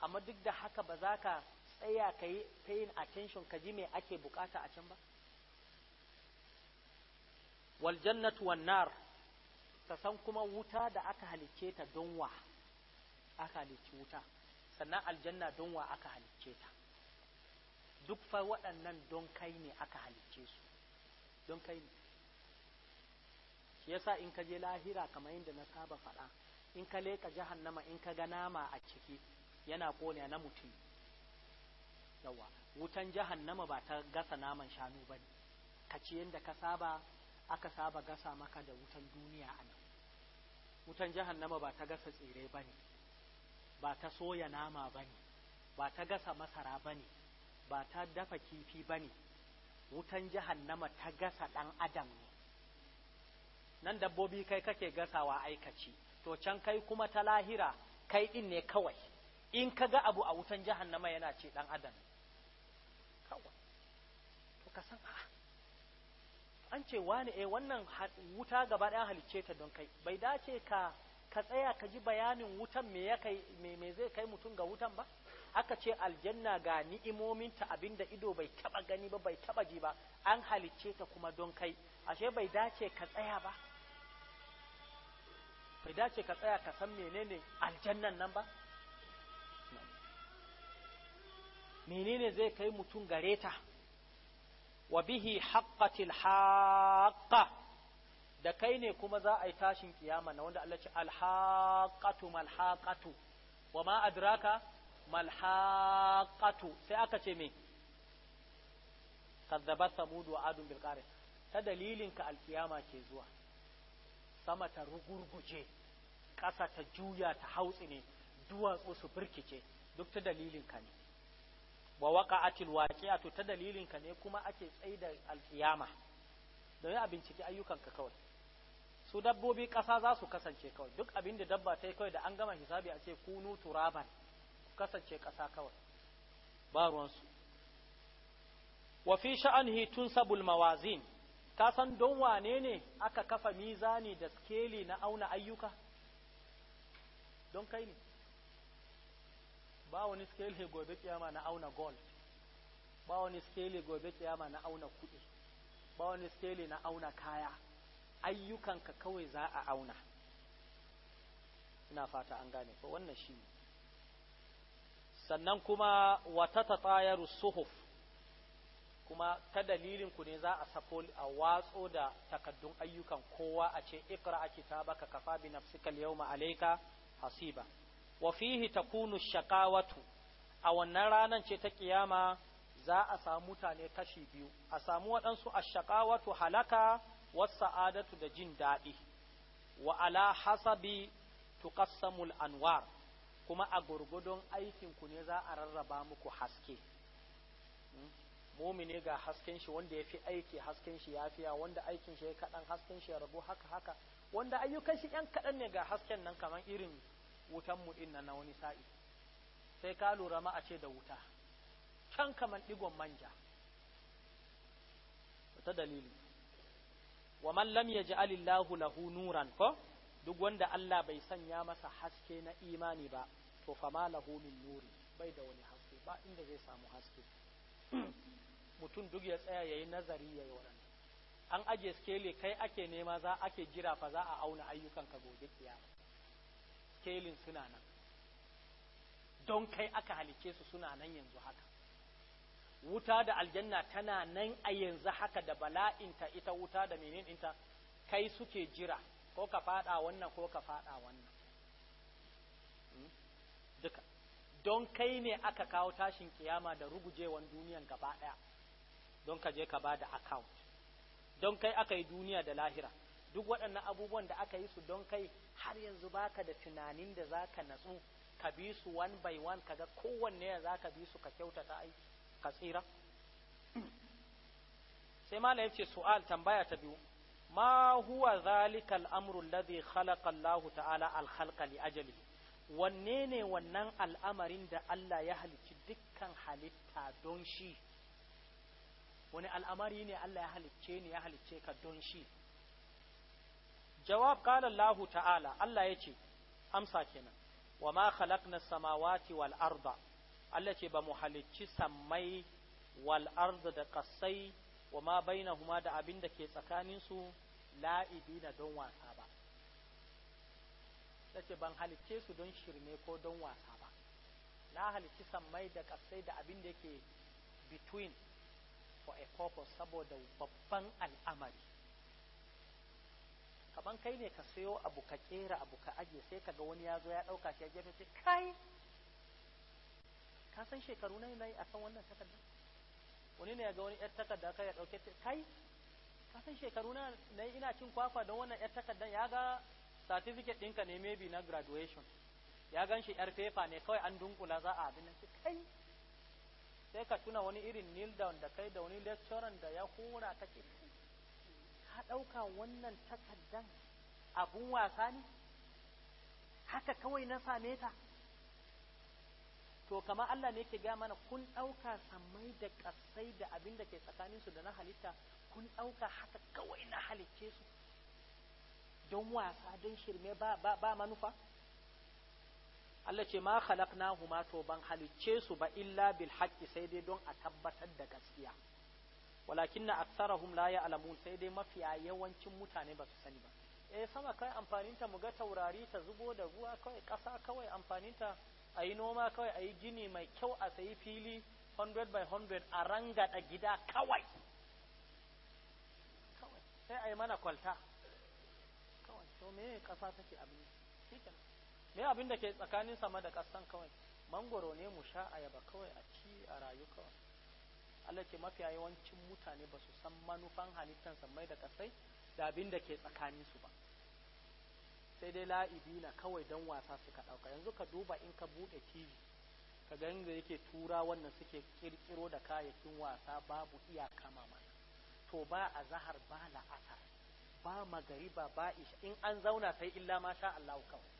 amma duk da haka ba za ka tsaya ka yi paying attention ka ji me ake bukata a can ba wal jannatu wan nar ka san kuma wuta da aka halicce ta donwa aka halicci wuta sannan aljanna don aka halicce ta duk fa waɗannan don kai ne aka halicce su don kai ne shi yasa in ka je lahira kamar yadda na saba faɗa in ka leka jahannama in ka ga nama a ciki yana kone na mutum yawa wutan jahannama ba ta gasa naman shanu ba ne ka ci yadda ka saba aka saba gasa maka da wutan duniya a nan wutan jahannama ba ta gasa tsire ba ne ba ta soya nama ba ne ba ta gasa masara ba ne ba ta dafa kifi ba ne wutan jahannama ta gasa ɗan adam ne nan dabbobi kai kake gasawa aikaci to can kai kuma ta lahira kai ɗin ne kawai in ka ga abu a wutan jahannama yana ce ɗan adam ka san an ce wani eh wannan wuta gaba ɗaya halicce ta don kai bai dace ka ka tsaya ka ji bayanin wutan me kai me me zai kai mutum ga wutan ba aka ce aljanna ga ni'imominta abinda ido bai taba gani ba bai taba ji ba an halicce ta kuma don kai ashe bai dace ka tsaya ba bai dace ka tsaya ka san menene aljannan nan ba menene zai kai mutum gare ta wa bihi haqqatil haqqa da kai ne kuma za a yi tashin kiyama na wanda Allah ce alhaqatu malhaqatu wa ma adraka malhaqatu sai aka ce me kazzabat samudu wa adun bilkare. ta dalilin ka alkiyama ke zuwa sama ta rugurguje ƙasa ta juya ta hautsi ne duwatsu su firkice duk ta dalilin ka ne wa waqa'atil waqi'a to ta dalilin ka ne kuma ake tsaida alkiyama domin a binciki ayyukanka kawai su dabbobi ƙasa za su kasance kawai duk abin da dabba ta yi kawai da an gama hisabi a ce kunu turaban kasance kasa kawai ba ruwansu wa fi sha'anhi tunsabul mawazin ka san don wane ne aka kafa mizani da skeli na auna ayyuka don kai ne ba wani scale gobe kiyama na auna gold ba wani scale gobe kiyama na auna kuɗi ba wani scale na auna kaya ayyukanka kawai za a auna ina fata an gane ko wannan shi sannan kuma wata tatayaru suhuf kuma ta dalilin ku ne za a sako a watso da takaddun ayyukan kowa a ce ikra a kitabaka kafa bi nafsika yawma alayka hasiba wa fihi takunu shaqawatu a wannan ranan ce ta kiyama za a samu mutane kashi biyu a samu waɗansu a ashaqawatu halaka wasa'adatu da jin daɗi wa ala hasabi tuqassamul anwar kuma a gurgudun aikinku ne za a rarraba muku haske hmm? mumine ga hasken shi wanda ya fi aiki hasken shi ya fiya wanda aikin shi ya kaɗan hasken shi ya rabu haka haka wanda ayyukan shi ‘yan kaɗan ne ga hasken nan kamar irin wutan mu inna na wani sa'i sai ka lura ma a ce da wuta can kaman digon manja ta dalili wa man lam Allahu lahu nuran ko duk wanda Allah bai sanya masa haske na imani ba to fama lahu min nuri bai da wani haske ba inda zai samu haske mutum duk ya tsaya yayi nazari yayi wannan an aje skele kai ake nema za ake jira fa za a auna ayyukanka gobe kiyama sikelin suna nan don kai aka halice su suna nan yanzu haka wuta da aljanna tana nan a yanzu haka da bala'inta ita wuta da menene kai suke jira ko ka fada wannan ko ka fada wannan hmm? don kai ne aka kawo tashin kiyama da rugujewan duniyan gaba daya don ka je ka ba da account don kai aka yi duniya da lahira duk waɗannan abubuwan da aka yi su don kai har yanzu baka da tunanin da zaka natsu ka bi su one by one kaga kowanne za ka bi su ka kyautata aiki ka tsira sai mala ce su'al tambaya ta biyu ma huwa zalikal amru alladhi khalaqa Allah ta'ala al khalqa li ajali wanne ne wannan al'amarin da Allah ya halicci dukkan halitta don shi wani al'amari ne Allah ya halicce ni ya halicce ka don shi jawab qala Allah ta'ala Allah yace amsa kenan wa ma khalaqna samawati wal arda Allah ce ba mu halicci sammai wal arda da kasai wa ma bainahuma da abin da ke tsakanin su la'ibina don wasa ba sace ban halicce su don shirme ko don wasa ba na halicci sammai da kasai da abin da yake between for a purpose saboda babban al'amari kaman kai ne ka sayo abu ka kera abu ka aje sai kaga wani ya zo ya ɗauka shi ya jefe ce kai ka san shekaru na yi akan wannan takarda wani ne ya ga wani yar takarda kai ya ɗauke ta kai ka san shekaru na ina cin kwakwa don wannan yar takardan ya ga certificate ɗinka ne maybe na graduation ya gan shi yar fefa ne kawai an dunkula za a abin nan kai sai ka tuna wani irin kneel down da kai da wani lecturer da ya hura ka ce ka ɗauka wannan takardan abun wasa ne haka kawai na same ta to kama Allah ne ke gaya mana kun ɗauka samai da ƙasai da abin da ke tsakaninsu da na halitta kun ɗauka haka kawai na halicce su don wasa don shirme ba, ba, ba manufa Allah ce ma huma to ban halicce su ba illa bil haƙƙi sai dai don a tabbatar da gaskiya walakinna aktsarahum la ya'lamun sai dai mafiya yawancin mutane ba su sani ba eh sama kai amfaninta mu ga taurari ta zubo da ruwa kawai ƙasa kawai amfaninta a yi noma kawai a yi gini mai kyau a sayi fili 100 by 100 a rangada gida kawai kawai sai a yi mana kwalta kawai to me ƙasa take abin me abin da ke tsakanin sama da ƙasan kawai mangoro ne mu sha ayaba kawai a ci a rayu kawai Allah ce mafiya yawancin mutane ba su san manufan halittan mai da kasai da abin da ke tsakanin su ba sai dai la'ibina kawai dan wasa suka ɗauka yanzu ka duba in ka buɗe tv ka ga inda yake tura wannan suke kirkiro da kayayyakin wasa babu iyaka mamana to ba a zahar ba la'asa, ba magariba ba isha in an zauna sai illa ma sha Allah kawai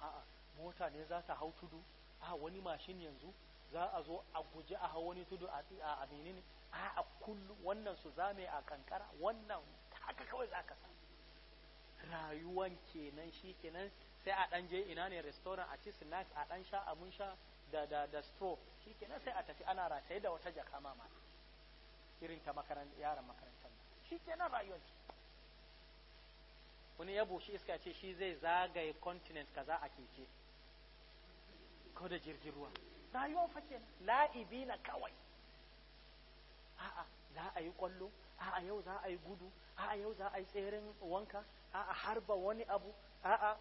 a'a mota ne za ta hau tudu a wani mashin yanzu za a zo a guji a wani tudu a aminin a a kullu wannan su zame a kankara wannan haka kawai za ka samu rayuwan kenan shi kenan sai a ɗan je ina ne restaurant a ci snack a ɗan sha abun sha da da da straw shi kenan sai a tafi ana rataye da wata jaka mama irin ta makarantar yaran makarantar shi kenan rayuwar wani yabo shi iska ce shi zai zagaye continent kaza a keke ko da jirgin ruwa rayuwar fake la'ibi na kawai a'a za a yi kwallo a'a yau za a yi gudu a'a yau za a yi tseren wanka a'a harba wani abu a'a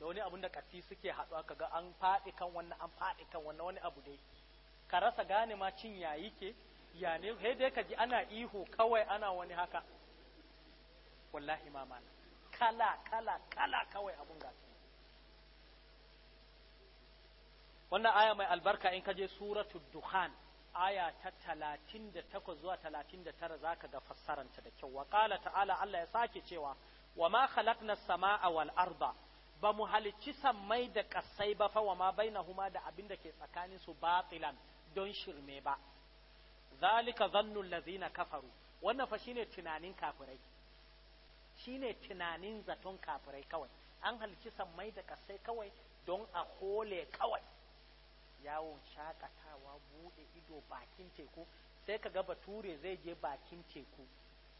da wani abun da kati suke aka ga an faɗi kan wannan an faɗi kan wannan wani abu dai ka rasa gane ma cin ya yake ya ne sai dai ka ji ana ihu kawai ana wani haka wallahi mamana kala kala kala kawai abun gasu wannan aya mai albarka in ka je suratu dukhan aya ta talatin da takwas zuwa talatin da za zaka ga fassaranta da kyau wa ta ta'ala Allah ya sake cewa wa ma khalaqna samaa wal arda ba mu halicci sammai da kasai ba fa wa ma bainahuma da abin da ke tsakanin su batilan don shirme ba zalika zannu allazina kafaru wannan fa shine tunanin kafirai shine tunanin zaton kafirai kawai an halicci sammai da kasai kawai don a hole kawai yawon shakatawa bude ido bakin teku sai ka ga bature zai je bakin teku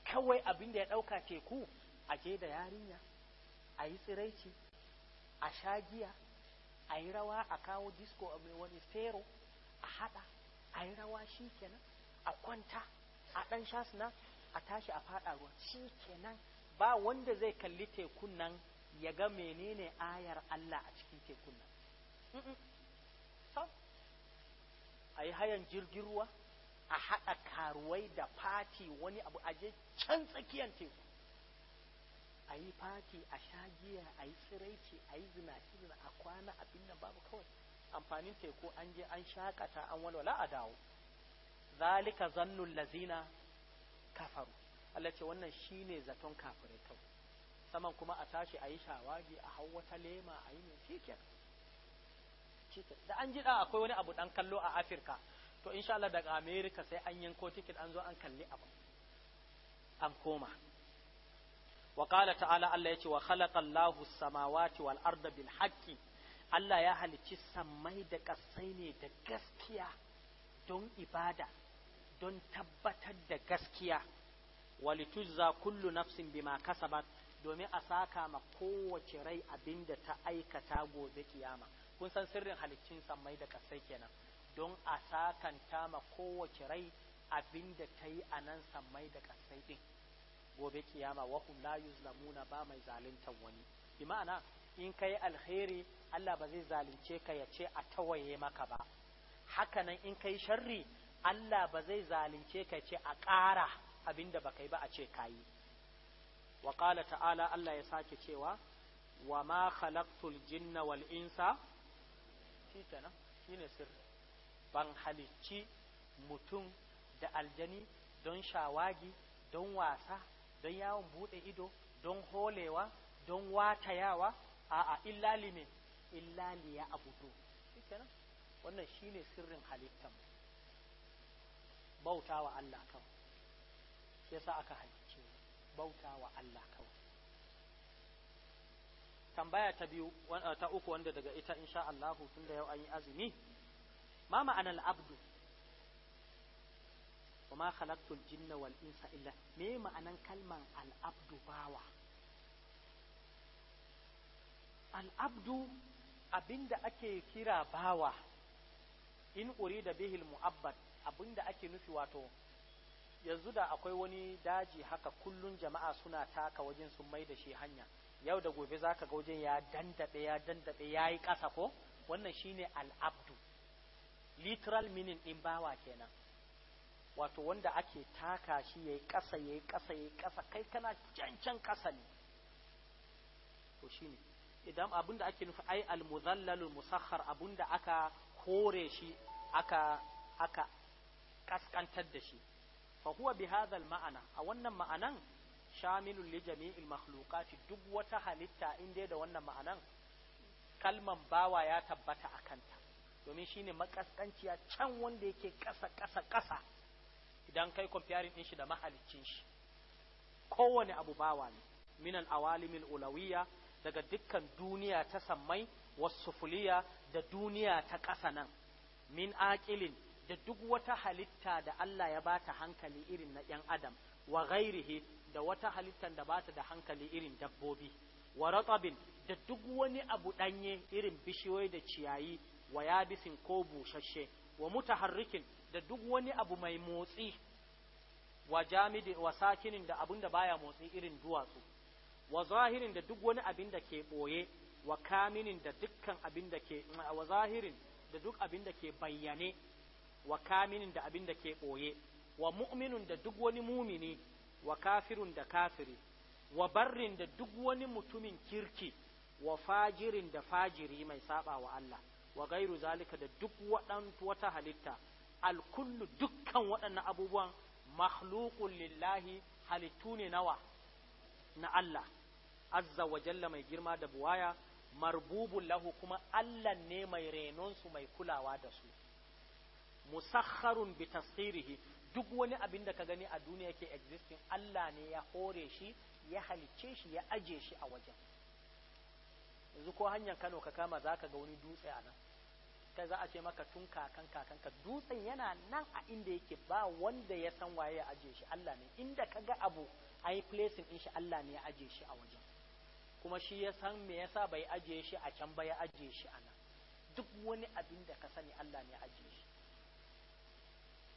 kawai abin da ya ɗauka teku a je da yarinya a yi tsiraici a sha giya a yi rawa a kawo disko a mai wani fero a haɗa a yi rawa shi kenan a kwanta a ɗan sha a tashi a faɗa ruwa shi kenan ba wanda zai kalli tekun nan ya ga menene ayar Allah a cikin tekun nan a yi hayan jirgin ruwa a haɗa karuwai da fati wani abu aje can tsakiyar teku a yi fati a sha giya a yi tsiraici a yi zina a kwana abin da babu kawai amfanin teku an je an shakata an walwala a dawo zalika zannun lazina kafaru Allah ce wannan shine zaton kafirai kawai saman kuma a tashi a yi shawagi a hau wata lema a yi mai da an ji da akwai wani abu dan kallo a Afirka to insha Allah daga America sai an yanko ticket an zo an kalli abu an koma wa qala ta'ala Allah yace wa khalaqa Allahu samawati wal arda bil haqqi Allah ya halicci samai da kasai ne da gaskiya don ibada don tabbatar da gaskiya walituzza kullu nafsin bima kasabat domin a saka ma kowace rai abinda ta aikata gobe kiyama kun san sirrin halittun sammai da kasai kenan don a sakanta ma kowace rai abin da ta yi a nan sammai da kasai din gobe kiyama wa hum la yuzlamuna ba mai zaluntar wani bi ma'ana in kai alheri Allah ba zai zalunce ka ya ce a tawaye maka ba haka nan in kai sharri Allah ba zai zalunce ka ce a ƙara abin da ba kai ba a ce kayi wa qala ta'ala Allah ya sake cewa wa ma khalaqtul jinna wal insa shi kenan shine sirri ban halicci mutum da aljani don shawagi don wasa don yawon bude ido don holewa don watayawa a'a illali lime illa liya abudu shikenan wannan shine sirrin halittan bautawa Allah kawai shi sa aka halicce bautawa Allah kawai tambaya ta biyu ta uku wanda daga ita insha Allah tun da yau an yi azumi ma ma'anar abdu wa ma khalaqtul jinna wal insa illa me ma'anan kalman al abdu bawa al abdu abinda ake kira bawa in urida bihil mu'abbad abinda ake nufi wato yanzu da akwai wani daji haka kullun jama'a suna taka wajen sun mai da shi hanya yau da gobe za ga wajen ya dandaɓe ya dandaɓe ya yi ƙasa ko wannan shine al-abdu literal meaning ɗin bawa kenan wato wanda ake taka shi ya yi ƙasa ya yi ƙasa ya yi ƙasa kai kana cancan ƙasa ne to shine idan da ake nufi ai almuzallalu musahar abun da aka kore shi aka aka kaskantar da shi fa huwa bi hadha maana a wannan ma'anan shamilun li jami'il makhluqati duk wata halitta in dai da wannan ma'anan kalman bawa ya tabbata a kanta domin shine makaskanciya can wanda yake ƙasa ƙasa ƙasa idan kai comparing din shi da mahaliccin shi kowane abu bawa ne minan awalimil ulawiyya daga dukkan duniya ta sammai wasufuliya da duniya ta ƙasa nan min aƙilin da duk wata halitta da Allah ya bata hankali irin na ‘yan adam wa ghairihi da wata halittar da ba ta da hankali irin dabbobi wa ratabin da duk wani abu danye irin bishiyoyi da ciyayi wa yabisin ko bushashe wa mutaharrikin da duk wani abu mai motsi wa jamidin wa sakinin da abin da baya motsi irin duwatsu wa zahirin da duk wani abin da ke boye wa kaminin da dukkan abin da ke wa zahirin da duk abin da ke bayyane wa kaminin da abin da ke boye wa mu'minun da duk wani mumini wa kafirun da kafiri wa barrin da duk wani mutumin kirki wa fajirin da fajiri mai saba wa Allah wa gairu zalika da duk waɗantu wata halitta alkullu dukkan waɗannan abubuwan makhluqun lillahi halittu ne nawa na Allah azza wa jalla mai girma da buwaya marbubun lahu kuma Allah ne mai su mai kulawa da su musakharun bi tasirihi duk wani abin da ka gani a duniya ke existing Allah ne ya hore shi ya halice shi ya aje shi a wajen yanzu ko hanyar Kano ka kama zaka ga wani dutse a nan kai za a ce maka tun kakan kakan ka dutsen yana nan a inda yake ba wanda ya san waye ya aje shi Allah ne inda ka ga abu ai placing din shi Allah ne ya aje shi a wajen kuma shi ya san me yasa bai aje shi a can ba ya aje shi a nan duk wani abin da ka sani Allah ne ya aje shi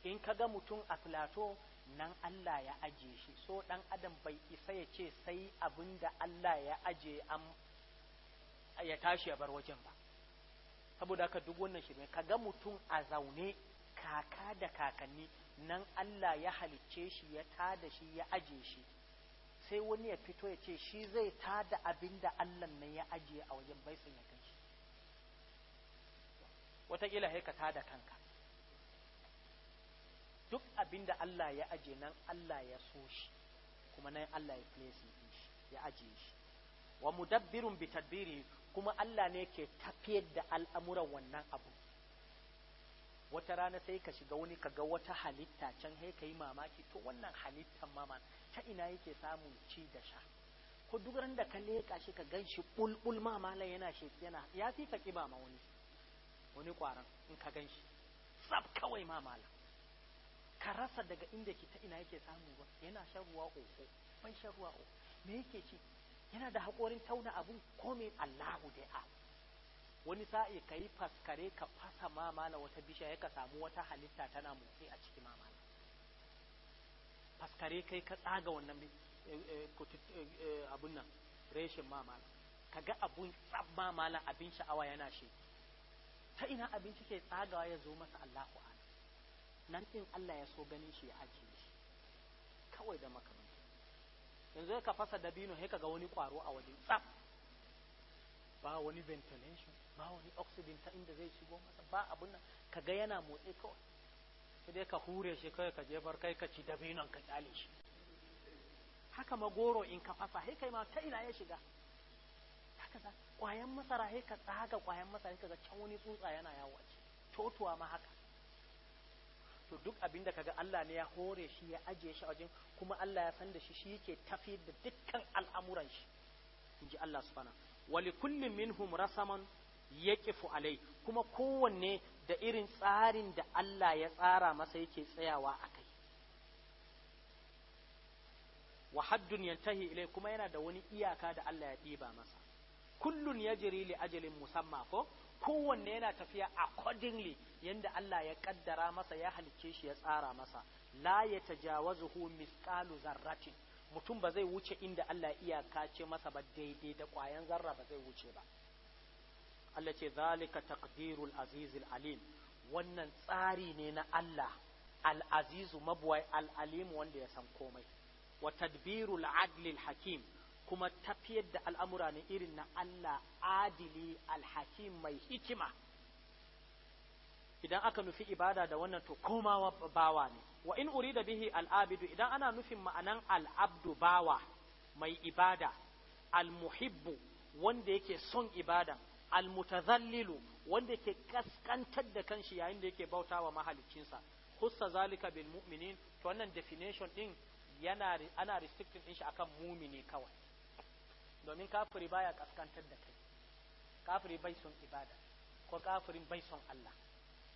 in ka ga mutum a filato, nan Allah ya aje shi so ɗan adam bai isa ya ce sai abin da Allah ya aje ya tashi ya bar wajen ba saboda haka duk wannan shirme ka ga mutum a zaune kaka da kakanni nan Allah ya halicce shi ya tada shi ya aje shi sai wani ya fito ya ce shi zai tada abin da Allah nan ya aje a wajen bai sun ya kai shi wataƙila sai ka tada kanka duk abin da Allah ya aje nan Allah ya so shi kuma nan Allah ya place shi ya aje shi wa mudabbirun bi tadbiri kuma Allah ne ke tafiyar da al'amuran wannan abu wata rana sai ka shiga wani ka ga wata halitta can sai ka yi mamaki to wannan halittan mama ta ina yake samu ci da sha ko duk ran da ka leka shi ka gan shi bulbul la yana shi yana ya fi ka kiba ma wani wani kwaran in ka ganshi shi sab kawai mamala ka rasa daga inda ke ta ina yake samu ba yana shan ruwa oko man shan ruwa oko me yake ci yana da haƙorin tauna abun komai Allahu dai a wani sa'i ka yi faskare ka fasa mamala wata bishiya ya ka samu wata halitta tana motsi a ciki mamala faskare kai ka tsaga wannan eh, eh, eh, abun nan reshin mamala ka ga abun tsab mamala abin sha'awa yana shi ta ina abinci ke tsagawa ya zo masa Allahu a nan ɗin Allah ya so ganin shi ya ajiye shi kawai da makamanta yanzu ka fasa dabino sai ga wani kwaro a waje tsaf ba wani ventilation ba wani oxygen ta inda zai shigo masa ba abun nan ga yana motsi kawai sai dai ka hure shi kawai ka jefar kai ka ci dabinon ka kyale shi haka magoro in ka fasa sai kai ma ta ina ya shiga haka za kwayan masara sai ka tsaga kwayan masara sai ka ga can wani tsutsa yana yawo a ciki totuwa ma haka to duk abinda kaga Allah ne ya hore shi ya ajiye shi wajen kuma Allah ya san da shi shi yake tafiyar da dukkan al'amuran shi inji Allah subhanahu wa li kullin minhum rasaman yaqifu alai kuma kowanne da irin tsarin da Allah ya tsara masa yake tsayawa akai wa haddun yantahi ilai kuma yana da wani iyaka da Allah ya ɗiba masa kullun yajri li ajalin musamma ko kowanne yana tafiya accordingly yanda Allah ya kaddara masa ya halicce shi ya tsara masa la ya tajawazuhu misqalu zarratin mutum ba zai wuce inda Allah iyaka ce masa ba daidai da ƙwayan zarra ba zai wuce ba Allah ce zalika taqdirul azizul alim wannan tsari ne na Allah al-azizu mabwai al-alim wanda ya san komai wa tadbirul adlil hakim kuma tafiyar da al'amura ne irin na Allah adili alhakim mai hikima idan aka nufi ibada da wannan to komawa bawa ne wa in uri da bihi al'abidu idan ana nufin ma'anan al'abdu bawa mai ibada almuhibbu wanda yake son ibada almutazallilu wanda yake kaskantar da kanshi yayin da yake bautawa mahalicinsa hussa zalika bil mu'minin to wannan definition din yana ana restricting din shi akan mumini kawai domin kafiri baya kaskantar da kai kafiri bai son ibada ko kafirin bai son Allah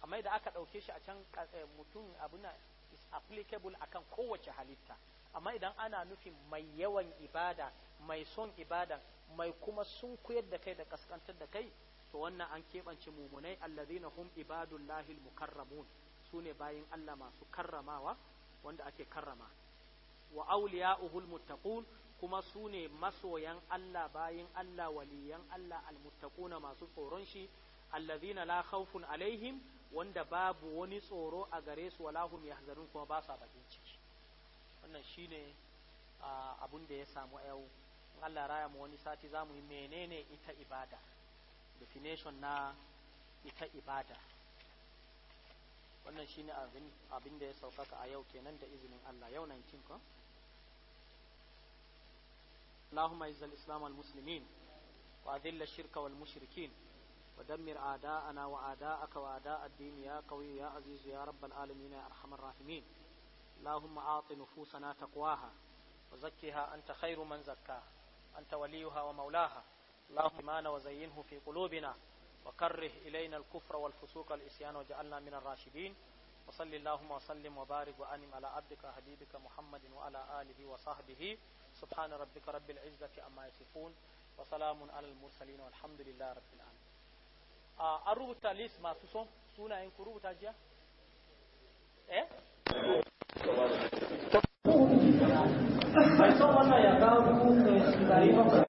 amma da aka ɗauke shi a can eh, mutum abu na is applicable akan kowace halitta amma idan ana nufin mai yawan ibada mai son ibada mai kuma sun da kai da kaskantar da kai to wannan an keɓance mumunai allazina hum ibadullahi almukarramun sune bayin Allah masu karramawa wanda ake karrama wa awliya'uhul muttaqun kuma su ne masoyan Allah bayin Allah waliyan Allah almuttaquna masu tsoron shi allazina la khawfun alaihim wanda babu wani tsoro a gare su wala hum kuma ba sa bakin ciki wannan shine abun da ya samu yau in Allah raya mu wani sati zamu yi menene ita ibada definition na ita ibada wannan shine abin abin da ya saukaka a yau kenan da izinin Allah yau 19 ko اللهم اعز الاسلام والمسلمين واذل الشرك والمشركين ودمر اعداءنا واعداءك واعداء الدين يا قوي يا عزيز يا رب العالمين يا ارحم الراحمين اللهم اعط نفوسنا تقواها وزكها انت خير من زكاها انت وليها ومولاها اللهم ايمان وزينه في قلوبنا وكره الينا الكفر والفسوق والعصيان وجعلنا من الراشدين وصل اللهم وسلم وبارك وانم على عبدك حبيبك محمد وعلى اله وصحبه سبحان ربك رب العزة عما يصفون وسلام على المرسلين والحمد لله رب العالمين an rubuta list masu son sunayen ku rubuta jiya?